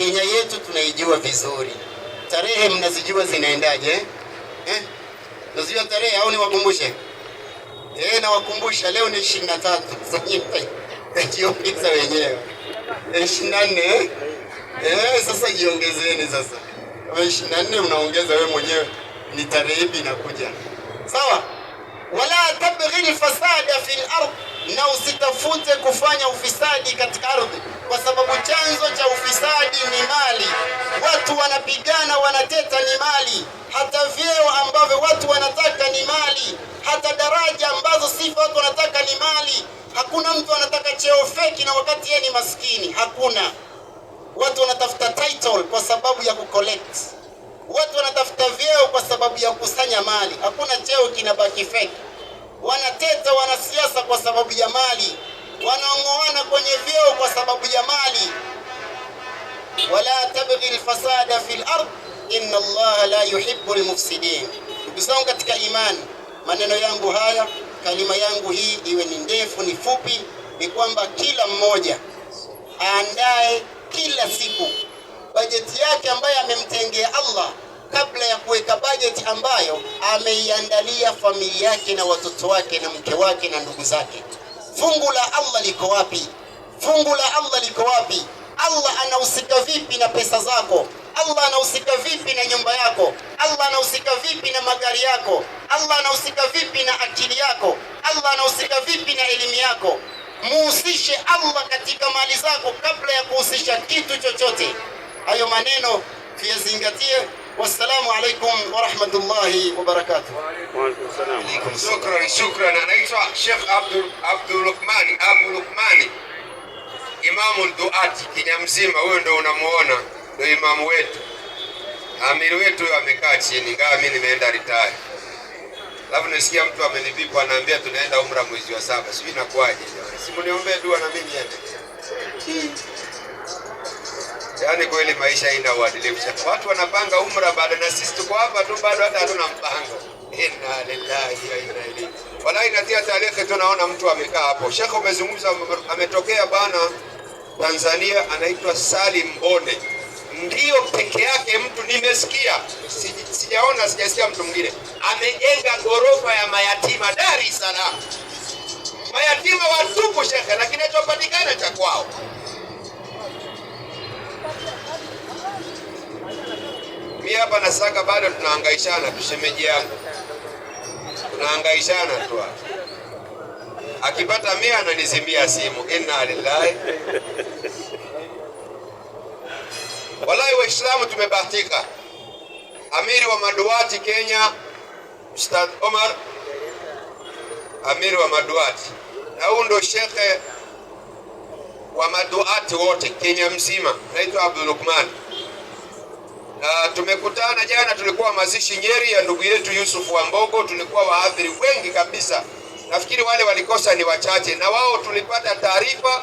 Kenya yetu tunaijua vizuri. Tarehe mnazijua zinaendaje eh? Nazijua tarehe au niwakumbushe? Eh, nawakumbusha leo ni 23. Eh, Jiongeza wenyewe. 24. Eh, eh, sasa jiongezeni sasa. 24 unaongeza wewe mwenyewe ni tarehe ipi inakuja? Sawa? Wala tabghi al-fasada fi al-ard, na usitafute kufanya ufisadi katika ardhi kwa sababu chanzo cha ufisadi ni mali. Watu wanapigana wanateta, ni mali. Hata vyeo ambavyo watu wanataka ni mali. Hata daraja ambazo sifa watu wanataka ni mali. Hakuna mtu anataka cheo feki na wakati yeye ni maskini, hakuna. Watu wanatafuta title kwa sababu ya kucollect. Watu wanatafuta vyeo kwa sababu ya kukusanya mali. Hakuna cheo kinabaki feki. Wanateta wanasiasa kwa sababu ya mali wanaong'oana kwenye vyeo kwa sababu ya mali. Wala tabghi alfasada fi lard inna llaha la yuhibbu almufsidin. Ndugu zangu katika imani, maneno yangu haya, kalima yangu hii, iwe ni ndefu ni fupi, ni kwamba kila mmoja aandae kila siku bajeti yake ambayo amemtengea Allah kabla ya kuweka bajeti ambayo ameiandalia familia yake na watoto wake na mke wake na ndugu zake fungu la Allah liko wapi? Fungu la Allah liko wapi? Allah anahusika vipi na pesa zako? Allah anahusika vipi na nyumba yako? Allah anahusika vipi na magari yako? Allah anahusika vipi na akili yako? Allah anahusika vipi na elimu yako? Muhusishe Allah katika mali zako kabla ya kuhusisha kitu chochote. Hayo maneno tuyazingatie. Wassalamu alaikum warahmatullahi wabarakatuh. Shukran, Anaitwa shekh Abdul Abu Lukmani, Imamu Duati Kinyamzima. Huyo ndo unamuona, ndo imamu wetu, amiri wetu. Huyo amekaa chini, ingawa mimi nimeenda ritaya. Alafu nasikia mtu amenipipa anaambia tunaenda umra mwezi wa saba, sijui inakuwaje. Simuniombee dua na mimi niende. Yaani kweli maisha ina uadilifu. Watu wanapanga umra bado, na sisi tuko hapa tu bado, hata hatuna mpango. Inna lillahi wa inna ilaihi wallahi. tia tarehe, tunaona mtu amekaa hapo. Sheikh umezungumza, ametokea bana Tanzania, anaitwa Salim Bonde, ndiyo peke yake mtu nimesikia, sijaona, sijasikia mtu mwingine amejenga ghorofa ya mayatima Dar es Salaam, mayatima watupu shekhe, na kinachopatikana cha kwao mi hapa na Saka bado tunahangaishana tu, shemeji yangu, tunahangaishana tu. Akipata mia ananizimbia simu, inna lillahi. walahi Waislamu tumebahatika. Amiri wa maduati Kenya, Ustadh Omar, amiri wa maduati na huyu ndo shekhe wa maduati wote Kenya mzima, naitwa Abdul Lukman na uh, tumekutana jana, tulikuwa mazishi Nyeri ya ndugu yetu Yusuf Wambogo. Tulikuwa wahadhiri wengi kabisa, nafikiri wale walikosa ni wachache, na wao tulipata taarifa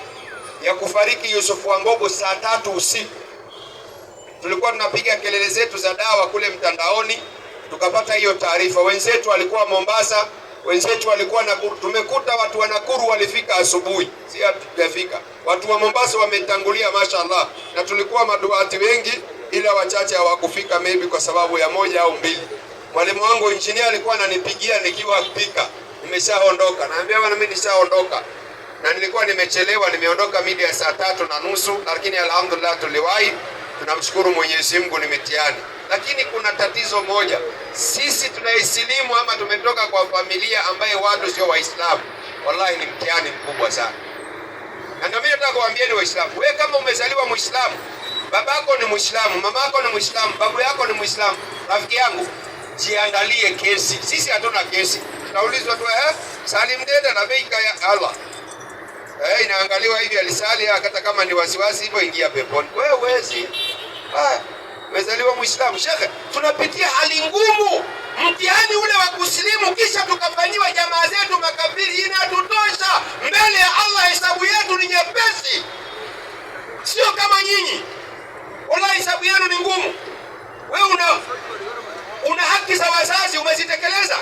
ya kufariki Yusuf Wambogo saa tatu usiku. Tulikuwa tunapiga kelele zetu za dawa kule mtandaoni, tukapata hiyo taarifa. Wenzetu walikuwa Mombasa, wenzetu walikuwa Nakuru. Tumekuta watu wa Nakuru walifika asubuhi, si hatujafika. Watu wa Mombasa wametangulia, mashallah, na tulikuwa maduati wengi ila wachache hawakufika, maybe kwa sababu ya moja au mbili. Mwalimu wangu injinia alikuwa ananipigia nikiwa pika, nimeshaondoka, naambia bwana, mimi nishaondoka na nilikuwa nimechelewa, nimeondoka mida ya saa tatu na nusu, lakini alhamdulillah tuliwahi. Tunamshukuru Mwenyezi Mungu ni mitihani, lakini kuna tatizo moja, sisi tunaisilimu ama tumetoka kwa familia ambaye watu sio Waislamu, wallahi ni mtihani mkubwa sana, na ndio mimi nataka kuwaambieni Waislamu, wewe kama umezaliwa Muislamu babako ni Muislamu, mamako ni Muislamu, babu yako ni Muislamu. Rafiki yangu, jiandalie kesi. Sisi hatuna kesi, tunaulizwa tu eh, Salim Dede na Veika ya Alwa eh, inaangaliwa hivi, alisali hata kama ni wasiwasi hivyo, ingia peponi. Wewe wezi ah, wezaliwa Muislamu. Shekhe, tunapitia hali ngumu, mtihani ule wa kusilimu, kisha tukafanyiwa jamaa zetu makabili. Inatutosha mbele ya Allah, hesabu yetu ni nyepesi, sio kama nyinyi. Wallahi hisabu yenu ni ngumu. Wewe una una haki za wazazi umezitekeleza?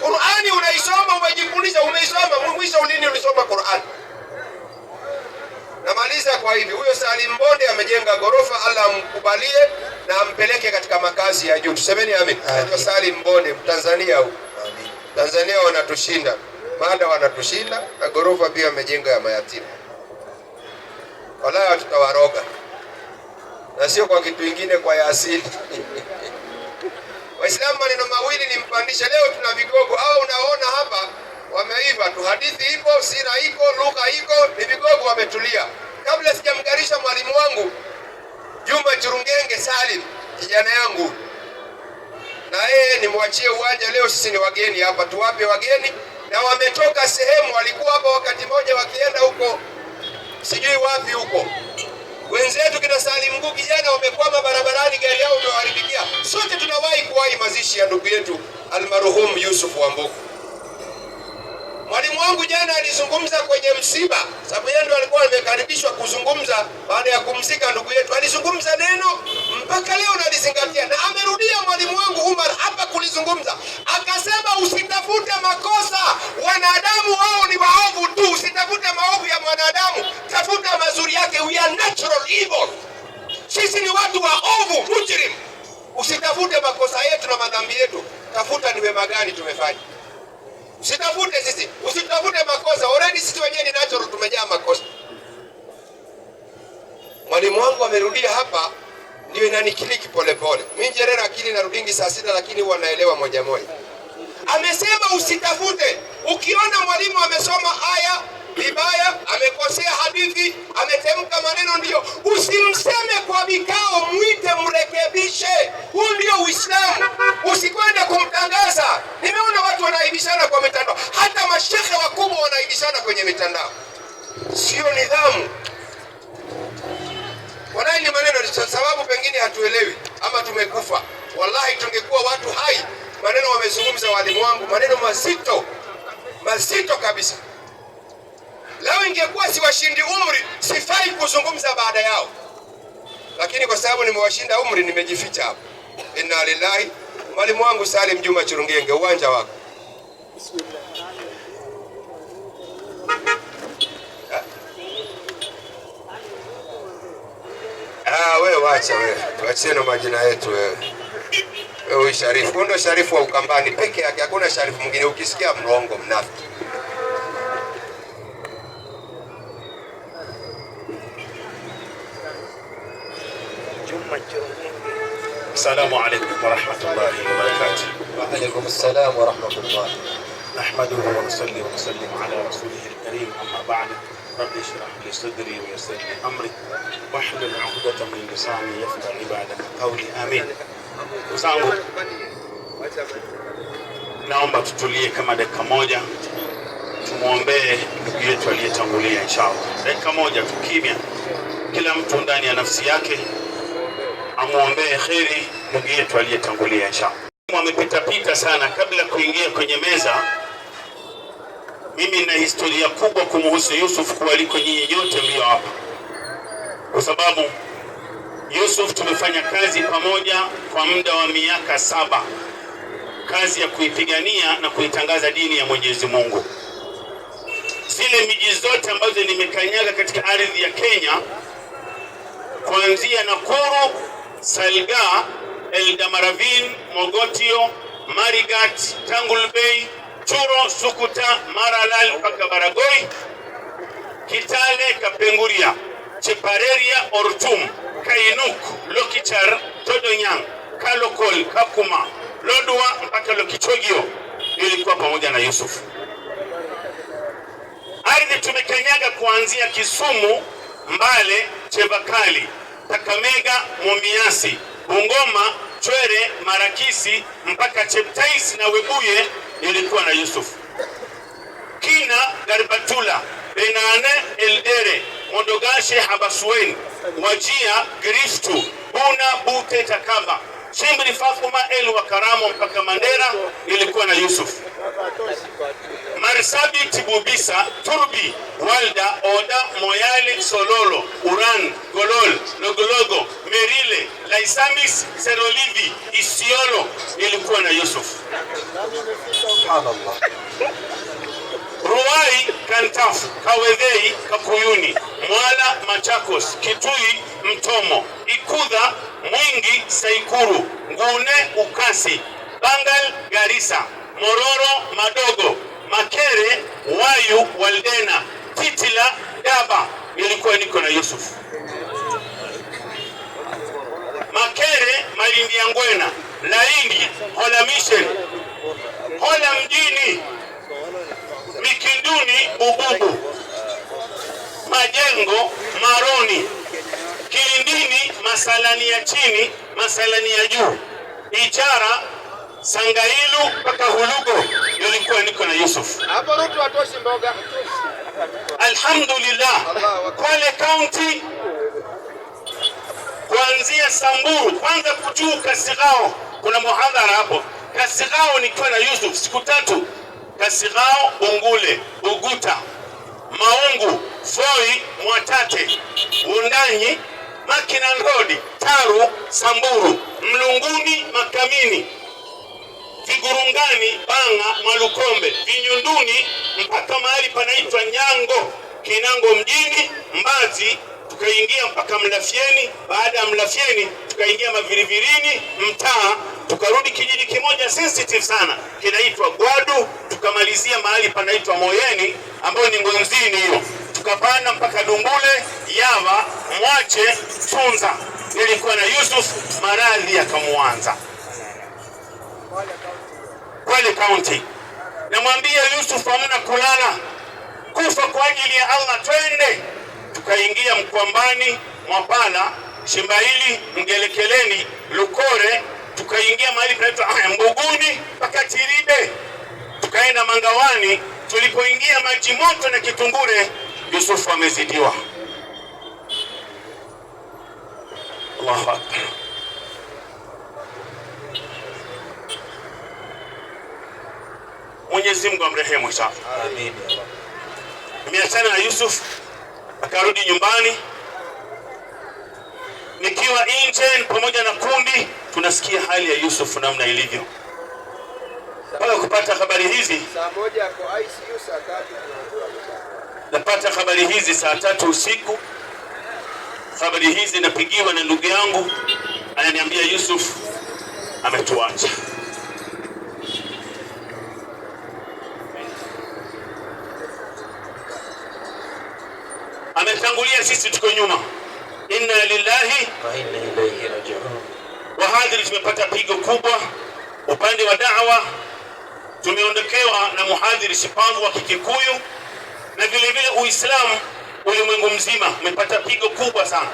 Qur'ani unaisoma, umejifundisha, umeisoma, mwisho lini ulisoma Qur'ani? Namaliza kwa hivi, huyo Salim Bonde amejenga gorofa, Allah amkubalie na ampeleke katika makazi ya juu. Tusemeni amin. Kwa Salim Bonde Mtanzania huyu. Amin. Tanzania wanatushinda. Mada wanatushinda na gorofa pia amejenga ya mayatima. Wala tutawaroga na sio kwa kitu kingine, kwa ya asili Waislamu maneno mawili ni mpandisha. Leo tuna vigogo au unaona hapa wameiva tu, hadithi ipo, sira iko, lugha iko, ni vigogo wametulia. Kabla sijamgarisha mwalimu wangu Juma Churungenge Salim, kijana yangu, na yeye nimwachie uwanja leo. Sisi ni wageni hapa, tuwape wageni, na wametoka sehemu, walikuwa hapa wakati mmoja wakienda huko sijui wapi huko Wenzetu kina Salim Ngugi jana wamekwama barabarani, gari yao imewaharibikia. Sote tunawahi kuwahi mazishi ya ndugu yetu almarhum Yusuf Wambugu. Mwalimu wangu jana alizungumza kwenye msiba, sababu yeye ndo alikuwa amekaribishwa kuzungumza baada ya kumzika ndugu yetu. Alizungumza neno mpaka leo nalizingatia, na amerudia mwalimu wangu Umar hapa kulizungumza, akasema usitafute makosa wanadamu, wao ni waovu tu, usitafute maovu ya mwanadamu, tafuta mazuri yake. We are natural evil, sisi ni watu waovu, mujrim. Usitafute makosa yetu na madhambi yetu, tafuta ni wema gani tumefanya. Usitafute sisi, usitafute makosa, already sisi wenyewe ni natural, tumejaa makosa. Mwalimu wangu amerudia hapa ndio inanikiliki polepole. Mimi Nyerere akili na rudingi saa sita, lakini wanaelewa moja moja. Amesema usitafute. Ukiona mwalimu amesoma aya vibaya, amekosea hadithi, ametemka maneno, ndiyo usimseme kwa vikao, mwite mrekebishe. Huu ndio Uislamu, usikwenda kumtangaza. Nimeona watu wanaibishana kwa mitandao, hata mashehe wakubwa wanaibishana kwenye mitandao, sio nidhamu. Wadai, ni maneno sababu pengine hatuelewi ama tumekufa. Wallahi, tungekuwa watu hai. Maneno wamezungumza walimu wangu, maneno mazito mazito kabisa. Lao ingekuwa siwashindi umri, sifai kuzungumza baada yao, lakini kwa sababu nimewashinda umri, nimejificha hapo. Inna lillahi. Mwalimu wangu Salim Juma Churungenge, uwanja wako. Bismillah. Ah, wewe wacha wewe. Tuachie na majina yetu wewe. Wewe Sharifu, ndo Sharifu wa Ukambani peke yake, hakuna Sharifu mwingine. Ukisikia mrongo mnafiki. Assalamu alaykum wa rahmatullahi wa barakatuh. Wa alaykum assalam wa rahmatullahi. Nahmaduhu wa nusalli wa nusallim ala karim amma ba'd rabbi shrah li sadri wa yassir li amri wahlul uqdatan min lisani yafqahu ibadaka qawli amin. naomba tutulie kama dakika moja, tumwombee ndugu yetu aliyetangulia inshallah. Dakika moja tukimya, kila mtu ndani ya nafsi yake amwombee kheri ndugu yetu aliyetangulia inshallah. Amepitapita sana kabla kuingia kwenye meza mimi na historia kubwa kumuhusu Yusuf kuliko nyinyi nyote mlio hapa, kwa sababu Yusuf tumefanya kazi pamoja kwa muda wa miaka saba, kazi ya kuipigania na kuitangaza dini ya Mwenyezi Mungu. Zile miji zote ambazo nimekanyaga katika ardhi ya Kenya kuanzia Nakuru, Salga, eldamaravin Mogotio, Marigat, Tangulbei Choro Sukuta Maralal mpaka Baragoi, Kitale Kapenguria, Chepareria Ortum, Kainuk, Lokichar, Todonyang, Kalokol, Kakuma, lodua mpaka Lokichogio. Ilikuwa pamoja na Yusuf. Ardhi tumekanyaga kuanzia Kisumu, Mbale, Chebakali, takamega Mumiasi, Bungoma Chwere, Marakisi mpaka Cheptais na Webuye ilikuwa na yusuf kina Garbatula, Benane, Eldere, Mondogashe, Habasweni, Wajia, gristu Buna, Bute, Takaba, Chimbili, Fafuma, Elu, Wakaramo mpaka Mandera ilikuwa na yusuf Marsabi, Tibubisa, Turbi Walda, Oda, Moyale, Sololo, Uran, Golol, Logologo, Merile, Laisamis, Serolivi, Isiolo, ilikuwa na Yusuf. Ruai, Kantafu, Kawedhei, Kakuyuni, Mwala, Machakos, Kitui, Mtomo, Ikudha, Mwingi, Saikuru, Ngune, Ukasi, Bangal, garisa Mororo, Madogo, Makere, Wayu, Waldena titi la daba nilikuwa niko na yusuf Makere, Malindi ya Ngwena, Laindi, Hola Mission, Hola mjini, Mikinduni, Bububu, Majengo, Maroni, Kilindini, Masalani ya chini, Masalani ya juu, Ichara, Sangailu mpaka Hulugo nilikuwa niko na yusuf Hapo Ruto atoshi mboga. Alhamdulillah, Kwale County kuanzia Samburu kwanza kujuu Kasigao kuna muhadhara hapo. Kasigao nikiwa na Yusuf siku tatu, Kasigao, Ungule, Uguta, Maungu, Foi, Mwatate, undanyi Makina Road, Taru, Samburu, Mlunguni, Makamini Vigurungani, Banga, Mwalukombe, Vinyunduni mpaka mahali panaitwa Nyango Kinango mjini Mbazi, tukaingia mpaka Mlafyeni. Baada ya Mlafyeni tukaingia Mavirivirini mtaa, tukarudi kijiji kimoja sensitive sana kinaitwa Gwadu, tukamalizia mahali panaitwa Moyeni ambayo ni Ngonzini hiyo, tukapanda mpaka Dumbule, Yava, Mwache, Tunza. Nilikuwa na Yusuf maradhi yakamwanza Kwale kaunti Namwambia Yusuf, hamna kulala, kufa kwa ajili ya Allah. Twende tukaingia Mkwambani, Mwapala, Shimbaili, Mgelekeleni, Lukore, tukaingia mahali panaitwa ah, Mbuguni mpaka Tiribe, tukaenda Mangawani. Tulipoingia maji moto na kitungure, Yusufu amezidiwa. Allahu akbar. Mwenyezi Mungu amrehemu Isaka. Amin. Ameachana na Yusuf akarudi nyumbani. Nikiwa nje pamoja na kundi, tunasikia hali ya Yusuf namna ilivyo. Baada kupata habari hizi, napata habari hizi saa tatu usiku. Habari hizi napigiwa na ndugu yangu, ananiambia Yusuf ametuacha. sisi tuko nyuma, inna lillahi wa inna ilaihi rajiun. Wahadhiri tumepata pigo kubwa upande wa da'wa, tumeondokewa na muhadhiri shupavu wa Kikikuyu na vile vile Uislamu ulimwengu mzima umepata pigo kubwa sana.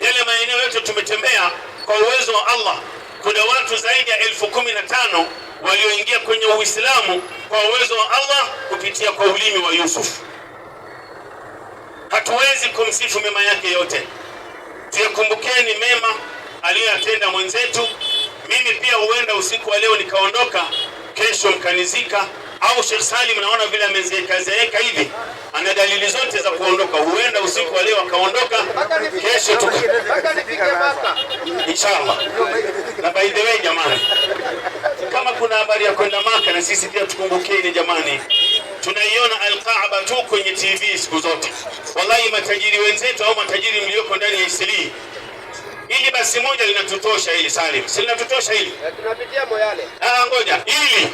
Yale maeneo yote tumetembea, kwa uwezo wa Allah kuna watu zaidi ya elfu kumi na tano walioingia kwenye Uislamu kwa uwezo wa Allah kupitia kwa ulimi wa Yusuf hatuwezi kumsifu mema yake yote. Tuyakumbukeni mema aliyoyatenda mwenzetu. Mimi pia huenda usiku wa leo nikaondoka, kesho mkanizika, au Sheikh Salim, naona vile amezeekazeeka hivi, ana dalili zote za kuondoka. Huenda usiku wa leo akaondoka, kesho tu inshallah. Na by the way, jamani, kama kuna habari ya kwenda Maka, na sisi pia tukumbukeni jamani tunaiona Alkaaba tu kwenye TV siku zote. Wallahi, matajiri wenzetu au matajiri mlioko ndani ya Isilii, hili basi moja linatutosha hili, Salim, si linatutosha hili? Eh, tunapitia Moyale. Ah, ngoja hili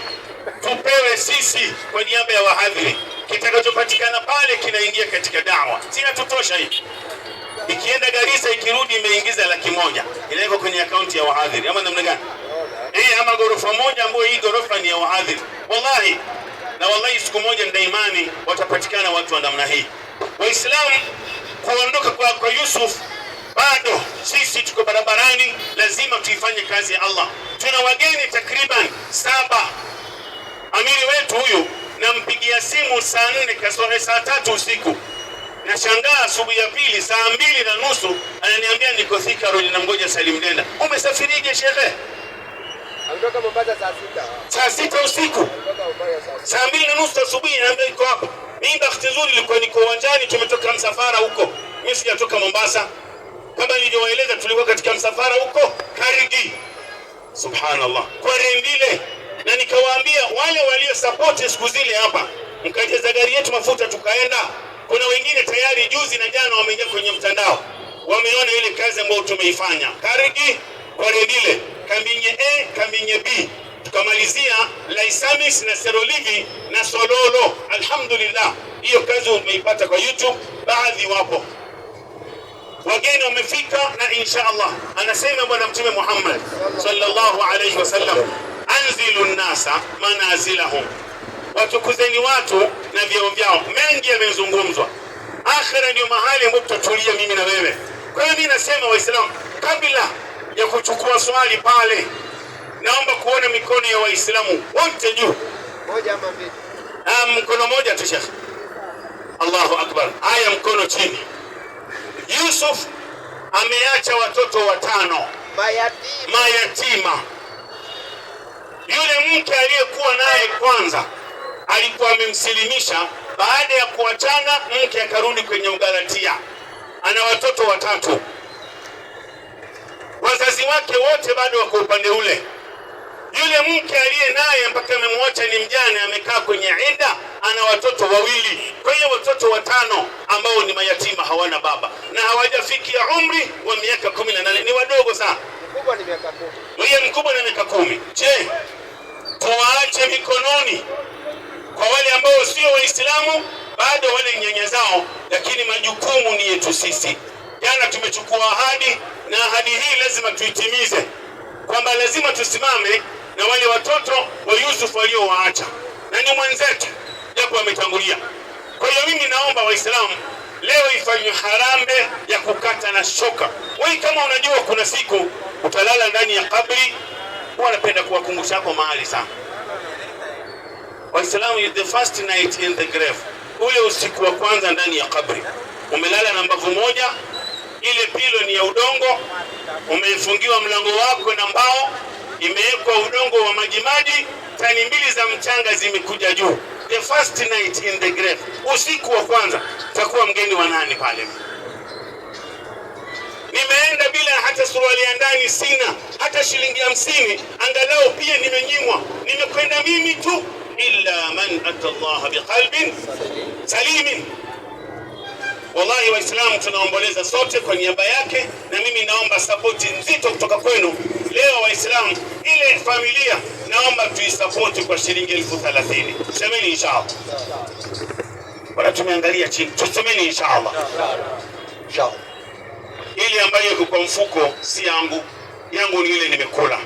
tupewe sisi kwa niaba ya wahadhiri, kitakachopatikana pale kinaingia katika dawa, si inatutosha hii? Ikienda Garissa ikirudi imeingiza laki moja inaweka kwenye akaunti ya wahadhiri, ama namna gani? Eh, ama ghorofa moja ambayo hii ghorofa ni ya wahadhiri, wallahi na wallahi, siku moja nina imani watapatikana watu wa namna hii. Waislamu, kuondoka kwa, kwa Yusuf bado sisi tuko barabarani, lazima tuifanye kazi ya Allah. Tuna wageni takriban saba. Amiri wetu huyu nampigia simu saa nne kasoro eh, saa tatu usiku, nashangaa asubuhi ya pili saa mbili na nusu ananiambia niko Thika Road, namgoja Salim Denda. Umesafirije shekhe? saa sita usiku, saa mbili na nusu asubuhi, naambia iko hapa. Mimi bahati nzuri nilikuwa niko uwanjani, tumetoka msafara huko. Mimi sijatoka Mombasa kama nilivyowaeleza, tulikuwa katika msafara huko Karigi, subhanallah, kwa Rembile, na nikawaambia wale walio support siku zile hapa, mkajaza gari yetu mafuta, tukaenda. Kuna wengine tayari juzi na jana wameingia kwenye mtandao, wameona ile kazi ambayo tumeifanya Karigi. Horedile, Kambinye A, Kambinye B, tukamalizia Laisamis na Serolivi na Sololo. Alhamdulillah, hiyo kazi umeipata kwa YouTube, baadhi wapo wageni wamefika, na insha Allah anasema Bwana Mtume Muhammad sallallahu alayhi wasallam, anzilu nnasa manazilahum, watukuzeni watu na vyao vyao. Mengi yamezungumzwa, akhira ndio mahali ambapo tutatulia mimi na wewe. Kwa hiyo mimi nasema Waislamu kabla ya kuchukua swali pale. Naomba kuona mikono ya Waislamu wote juu, ah, mkono moja tu shekhe. Allahu akbar. Haya, mkono chini. Yusuf ameacha watoto watano mayatima, mayatima. Yule mke aliyekuwa naye kwanza alikuwa amemsilimisha baada ya kuachana, mke akarudi kwenye ugalatia, ana watoto watatu wazazi wake wote bado wako upande ule. Yule mke aliye naye mpaka amemwacha ni mjane, amekaa kwenye ida, ana watoto wawili, kwa hiyo watoto watano ambao ni mayatima, hawana baba na hawajafikia umri wa miaka kumi na nane. Ni wadogo sana, yeye mkubwa na miaka kumi. Je, tuwaache mikononi kwa wale ambao sio Waislamu bado wale nyanya zao, lakini majukumu ni yetu sisi. Jana tumechukua ahadi na ahadi hii lazima tuitimize, kwamba lazima tusimame na wale watoto wa yusuf waliowaacha, na ni mwenzetu japo wametangulia. Kwa hiyo mimi naomba Waislamu leo ifanywe harambe ya kukata na shoka. Wewe kama unajua kuna siku utalala ndani ya kabri, huwa anapenda kuwakumbusha hapo mahali sana Waislamu, the first night in the grave, ule usiku wa kwanza ndani ya kabri, umelala na mbavu moja ya udongo, umeifungiwa mlango wako na mbao, imewekwa udongo wa majimaji, tani mbili za mchanga zimekuja juu. The first night in the grave, usiku wa kwanza takuwa mgeni wa nani pale? Nimeenda bila hata suruali ya ndani, sina hata shilingi hamsini, angalau pia nimenyimwa. Nimekwenda mimi tu, illa man ata Allah biqalbin salimin Wallahi Waislamu tunaomboleza sote kwa niaba yake, na mimi naomba sapoti nzito kutoka kwenu leo Waislamu. Ile familia naomba tuisapoti kwa shilingi elfu thalathini. Semeni inshallah. Bwana, tumeangalia chini, tusemeni inshallah. Inshallah ile ambayo iko kwa mfuko si yangu, yangu ni ile nimekula.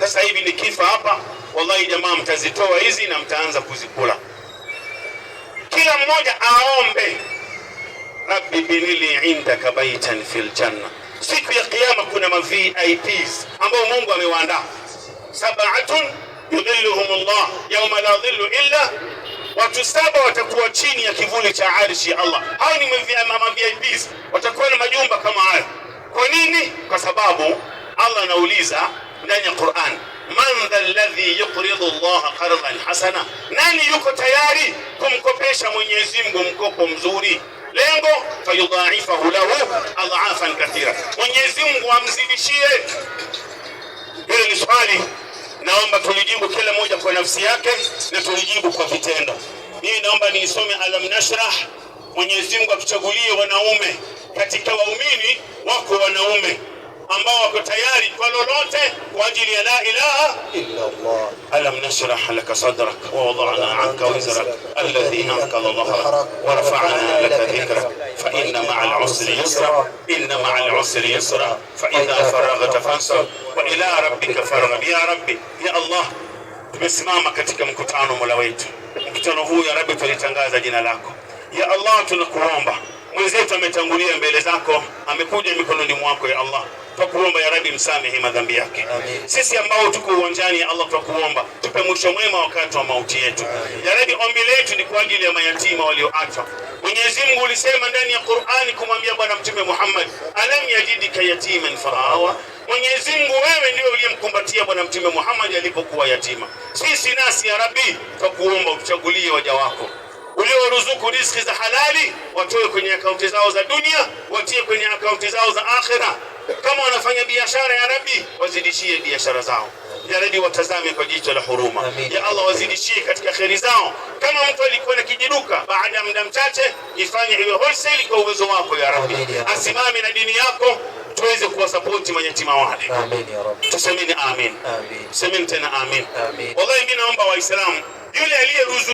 Sasa hivi nikifa hapa, wallahi jamaa, mtazitoa hizi na mtaanza kuzikula. Kila mmoja aombe rabbi binili indaka baitan fil janna. Siku ya kiyama kuna ma VIPs ambao Mungu amewaandaa, sabatun yudhilluhum llah yawma la dhillu illa Watu saba watakuwa chini ya kivuli cha arshi ya Allah. Hao ni VIPs, watakuwa na majumba kama hayo. Kwa nini? Kwa sababu Allah anauliza ndani ya Qur'an, man dha alladhi yuqridu Allah qardan hasana, nani yuko tayari kumkopesha Mwenyezi Mungu mkopo mzuri? lengo fayudhaifahu lahu adhafan kathira, Mwenyezi Mungu amzidishie. Hili ni swali naomba tulijibu kila moja kwa nafsi yake na tulijibu kwa vitendo. Mimi naomba niisome alam nashrah. Mwenyezi Mungu atuchagulie wanaume katika waumini, wako wanaume ambao wako tayari kwa lolote kwa ajili ya la ilaha illa Allah. Alam nashrah laka sadrak wa wada'na anka wizrak alladhi anqadha dhahrak wa rafa'na laka dhikrak fa inna ma'al usri yusra inna ma'al usri yusra fa idha faraghta fansab wa ila rabbika farghab. Ya Rabbi, ya Allah, tumesimama katika mkutano Mola wetu, mkutano huu ya Rabbi, tulitangaza jina lako ya Allah, tunakuomba mwenzetu ametangulia mbele zako, amekuja mikononi mwako ya Allah, twakuomba ya Rabbi, msamehe madhambi yake. Sisi ambao tuko uwanjani ya Allah, twakuomba tupe mwisho mwema wakati wa mauti yetu. Ya Rabbi, ombi letu ni kwa ajili ya mayatima walioachwa. Mwenyezi Mungu ulisema ndani ya Qur'ani kumwambia Bwana Mtume Muhammad, alam yajidika yatiman faawa Mwenyezi Mungu wewe ndio uliyemkumbatia Bwana Mtume Muhammad alipokuwa yatima. Sisi nasi ya Rabbi, twakuomba utuchagulie waja wako uliowaruzuku riziki za halali watoe kwenye akaunti zao za dunia, watie kwenye akaunti zao za akhira. Kama wanafanya biashara, ya Rabbi wazidishie biashara zao, ya Rabbi watazame kwa jicho la huruma, ya Allah wazidishie katika kheri zao. Kama mtu alikuwa na kijiduka, baada ya muda mchache ifanye iwe wholesale kwa uwezo wako, ya Rabbi asimame na dini yako tuweze kuwa kuwasapoti mayatima wale. Tusemeni amin, semeni tena amin. Wallahi mimi naomba Waislamu yule aliyeruzu